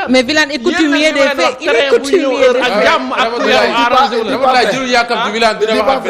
la mais Wilane est coutumier des faits il est coutumier ak jàmm ak ku yow arrangé wu la. dama la jël yàkkam ci Wilane dina wax.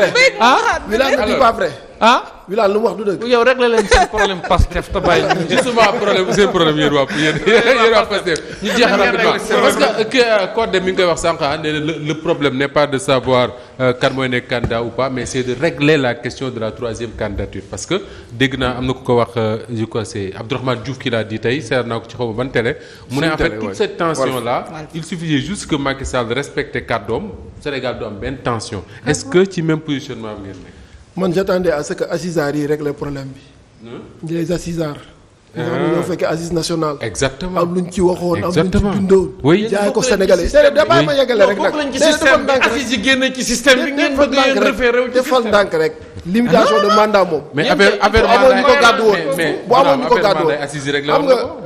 ah Wilane n'est pas vrai ah. Wilane lu mu wax du dëgg. yow réglé leen seen problème Pastef te bàyyi. justement problème seen problème yéen waa yéen yéen waa Pastef. ñu jeex rapidement parce que euh, Codé mi ngi koy wax sànq ah nee na le problème n'est pas de savoir euh, kan mooy nekk candidat ou pas mais c'est de régler la question de la troisième candidature parce que dégg naa am na ku ko wax euh, je crois c'est Abdourahmane Diouf qui l'a dit tey seer naa ko ci xaw ma ban télé. mu ne en fait toute cette tension là il suffisait juste que Macky Sall respecte kàddoom Sénégal du am benn tension. Ah est-ce que ci même positionnement bi ngeen nekk. man j'attendais à ce que Assisaar yi règle problème bi. les Assisaar. ñoo ne ñoo fekkee Assises nationales. exactement am luñ ci waxoon am luñ ci bindoon. oui jaay ko Sénégalais. déedéet damaa ma yegale rek bi ngeen bëgg yéen référé ci defal ndànk mais affaire hmm. affaire mandat xam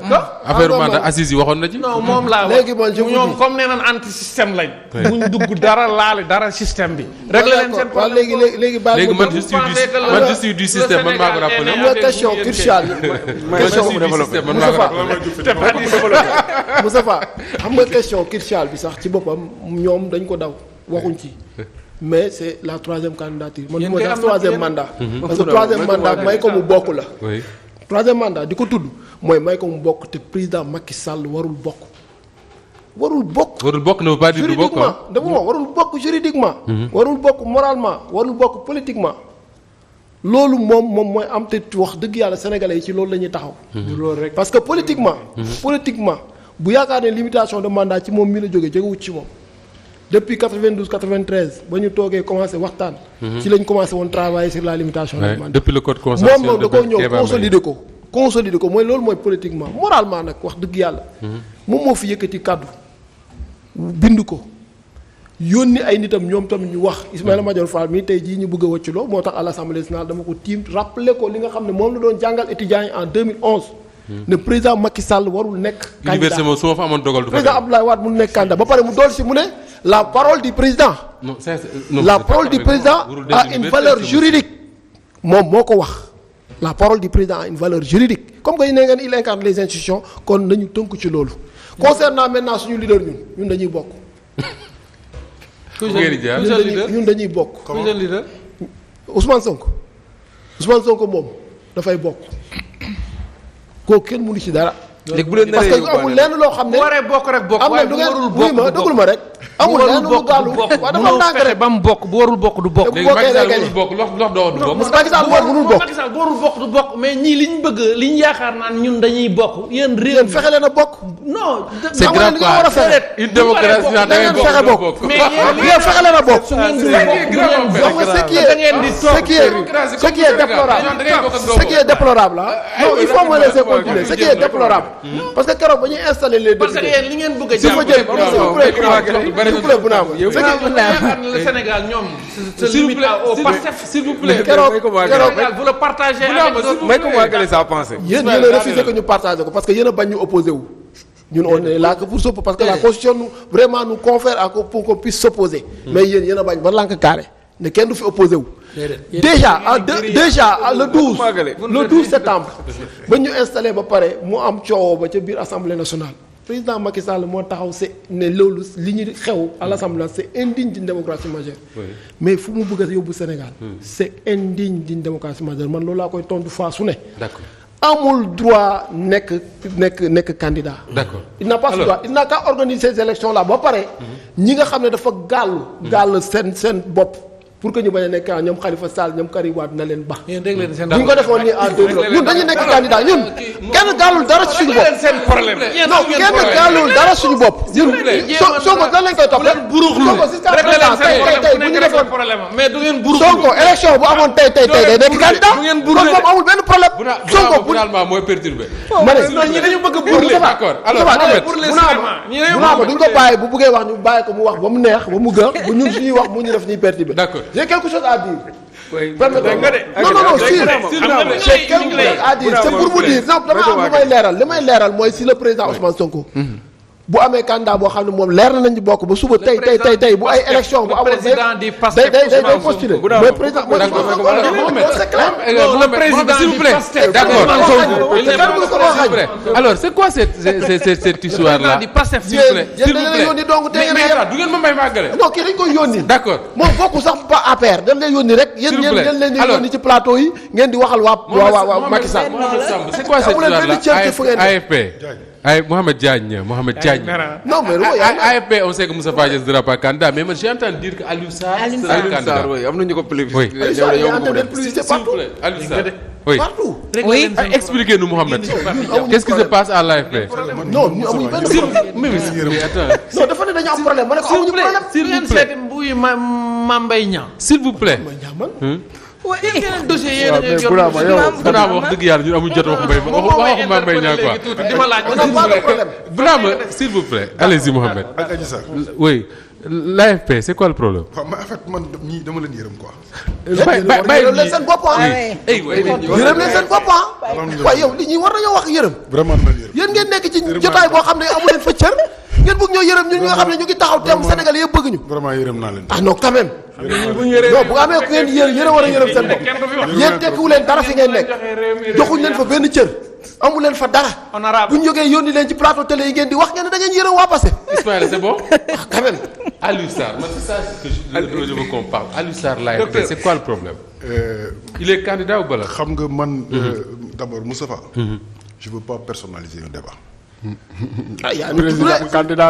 nga. affaire mandat Assises yi waxoon na ci. non moom laa wax léegi man ñoom comme nee anti système lañ. buñ dugg dara laale dara système bi. rek la leen seen problème léegi léegi léegi bàyyi man je suis du man je suis du système question bu développé Moustapha xam nga question Kirchall bi sax ci boppam ñoom dañ ko daw waxuñ ci mais c'est la troisième candidature man moo tax mandat mhm. parce que troisième mandat may ko mu bokk la troisième mandat di ko tudd mooy may ko mu bokk te président makki sàll warul bokk warul bokk warul bokk ne veut pas dire du bokk juridiquement warul bokk juridiquement mhm. warul bokk moralement warul bokk politiquement loolu moom moom mooy am te wax dëgg yàlla sénégalais yi ci loolu la ñuy taxaw. loolu rek parce que politiquement. Mm-hmm. Mm-hmm. politiquement bu yaakaar ne limitation de mandat ci moom mi la jógee jógewut ci moom. depuis 92 93 ba ñu toogee commencé waxtaan. Mm-hmm. ci lañ commencé woon travailler sur la limitation. Ouais. de mandat depuis le code consensuel moom da koo ñëw consolider ko. consolider ko mooy loolu mooy politiquement moralement nag wax dëgg yàlla. moom moo fi yëkkati kàddu bind ko. yónni ay nitam ñoom tamit ñu wax Ismaïla Madior Fall tey jii ñu bëgg a wàccloo moo tax à l'Assemblée nationale dama ko tiim rappelé ko li nga xam ne moom la doon jàngal étudiants yi en 2011. Hmm. ne président Macky Sall warul nekk. candidat université moom su ma fa amoon dogal du fa président Abdoulaye Wade mu nekk candidat ba pare mu dool si mu ne la parole du président. non euh, la parole du président a une valeur juridique. moom moo ko wax. la parole du président a une valeur juridique comme que ne ngeen il incarne les institutions kon nañu tënk ci loolu. concernant maintenant suñu leader ñun ñun dañuy bokk. ñun dañuy bokk. Ousmane Sonko Ousmane Sonko moom dafay bokk koo kenn mënu ci dara. léegi bu leen parce que amul lenn loo xam ne. waree bokk rek bokk waaye bu warul bokk ma déglu ma rek. amul lenn lu gaalu waaw dafa ba mu bokk bu warul bokk du bokk. léegi Macky Sall warul bokk lox lox doo du bokk. parce que Macky Sall bokk Macky Sall warul bokk du mais ñii liñ bëgg liñ yaakaar naan ñun dañuy bokk leen a bokk. non c'est a bokk. su ngeen di bokk da ah, ngeen hmm. parce que keroog ba ñuy installer les bëgg bëri na bu naaw yow bu Sénégal ñoom. s'il vous plaît s'il vous plaît keroog keroog vous le partagez may ko waagale sa pensée. yéen yéen a refusé que ñu partagé ko parce que yéen a bañ ñu opposé wu. ñun on est là que pour s'opposer parce que la eh. constitution nous vraiment nous confère à pour qu'on puisse s'opposer hmm. mais yéen yéen a bañ ba lànk carré ne kenn du fi opposé wu. déjà en deux déjà le 12 le 12 septembre. ba ñu installé ba pare mu am coowoo ba ca biir assemblée nationale. président Macky Sall moo taxaw se ne loolu li ñu xew à l'Assemblée c'est indigne d'une démocratie majeure mais fu mu bëgg a yóbbu Sénégal hmm. c'est indigne d'une démocratie majeure man loolu laa koy tontu fois su ne amul droit nekk nekk nekk candidat d'accord il n'a pas ce droit il n'a qu'à organiser ces élections ba pare hmm. ñi nga xam ne dafa gaal gaal seen seen bopp pour que ñu bañ a nekk ah ñoom Khalifa Sall ñoom Karim Wade na leen ba. ñu ko defoon nii en deux ñun dañu nekk candidat ñun. kenn gaalul dara suñu bopp. kenn gaalul dara suñu bopp. s'il vous plaît Sonko lan lañ koy toppee. Sonko si saa tey bu ñu defoon mais du ngeen buruxlu Sonko élection bu amoon tey tey tey day nekk candidat. du ngeen buruxlu kon moom amul benn problème. Sonko bu finalement mooy perturbé. Oh, ma ne ñi dañu bëgg a burle d'accord alors Mohamed duñ ko bàyyi bu buggee wax ñu bàyyi ko mu wax ba mu neex ba mu gën bu ñun suñuy wax mu ñu def ñuy perturbé. d'accord j'ai quelque chose à dire. non non non si c'est quelque chose à dire c'est pour vous dire non dama am lu may leeral li may leeral mooy si le président Ousmane Sonko mhm. bu amee candidat boo xam ne moom leer na nañu bokk ba suba tey tey tey bu ay élection bu amoon président di Pastef day day day postuler mais président c'est clair le président s'il vous plaît d'accord alors c'est quoi cette cette cette histoire là di Pastef s'il vous plaît s'il vous plaît yónni donc tey du ngeen ma may màggale non kii dañ koy yónni d'accord moom bokku sax ba APR dañ lay yónni rek yéen yéen ngeen leen di yónni ci plateau yi ngeen di waxal waa waa waa Macky Sall c'est quoi cette histoire là AFP ay Mohamed Diagne Mohamed Diagne. non mais loolu AFP on sait que Moussa Faye sera pas candidat mais dire que Aliou Sarr. Aliou Sarr oui am na ñu ko plébiscité. oui Aliou Sarr oui partout. oui ah, expliquez nous Mohamed. qu'est-ce qui se passe à non ñu amuñu benn non dafa ne dañu am problème ma ne ko amuñu problème. s'il vous plaît waaw yeneen dossiers yéen a ngi yor waaw mais Birama wax dëgg yàlla ñun amuñu jot wax mbay ma wax wax mbaa mbay ñaa quoi. dama laaj Birama s'il vous plaît allez-y Mohamed. ak Adji Sarr oui. l'AFP c'est quoi le problème. waaw man ba eh, ba ah. eh, leen seen bopp ah. yërëm leen seen bopp waaye yow li ñuy war nañoo wax yërëm. vraiment man ngeen nekk ci jotaay boo xam ne amu leen fa cër. ngeen bëgg ñoo yërëm ñun ñi nga ah, bu amee ku ngeen yër war a yërëm seen bopp. yéen tekkiwu leen dara fi ngeen nekk joxuñ leen fa benn cër. amu fa dara. bu ñu jógee yónni leen ci plateau télé yi ngeen di wax ngeen ne yërëm waa passé. Ismaël Aliou Sarr man c'est ça que je euh, xam nga man. Mm-hmm. Euh, d'abord Moustapha. Mm-hmm. je veux pas personnaliser un ah,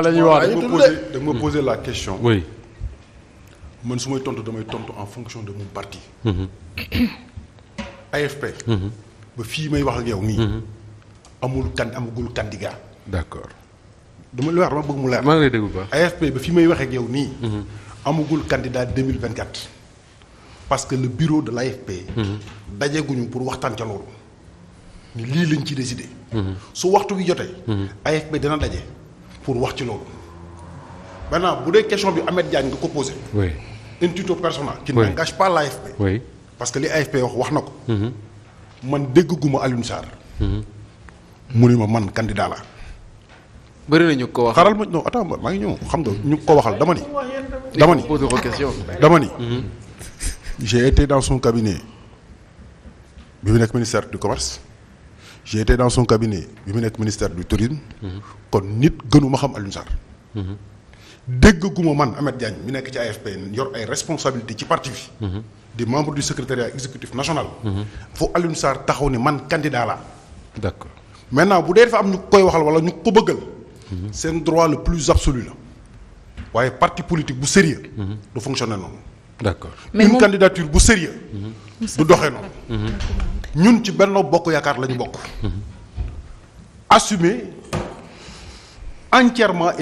la ñuy ah, wax da ma la question. oui. man su may tontu damay tontu en fonction de mon parti. Mm-hmm. AFP. ba fii may wax ak yow nii. amul kan amagul candidat. d'accord. dama lu wax dama bëgg mu leer. maa ngi lay déglu ba. AFP ba fi may wax ak yow nii. Mhm. amagul candidat 2024. parce que le bureau de l'AFP. Mhm. dajeguñu pour waxtaan ca loolu. ni lii lañ ci décidé. Mhm. su waxtu bi jotee. AFP dana daje pour wax ci loolu. maintenant bu dee question bi Ahmed Diagne nga ko posé. oui un tuto personnel. qui oui. n'engage parce que li AFP wax wax na ko. man dégguma Alioune Sarr. mu ne ma man candidat la bëri na ñu ko wax xaral ma non attends maa ngi ñëw xam nga ñu ko waxal dama ni. dama ni posé ko question dama ni. Mm-hmm. j'ai été bi mu nekk ministère du commerce j'ai été dans son cabinet bi mu nekk ministère du tourisme. Mm-hmm. kon nit gënu ma xam Alioune Sarr. Mm-hmm. dégg gu ma man Amath Diagne mi nekk ci AFP yor ay responsabilité ci parti bi. di membre du secrétariat exécutif national. foo Alioune Sarr taxaw ne man candidat laa. d'accord maintenant bu dee dafa am ñu koy waxal wala ñu ko bëggal. Mhm. seen droit le plus absolu la waaye parti politique bu sérieux mhm. du fonctionner noonu d'accord mais une candidature bu sérieux mhm. du doxee noonu ñun ci benn Bokk Yaakaar la ñu bokk assumer entièrement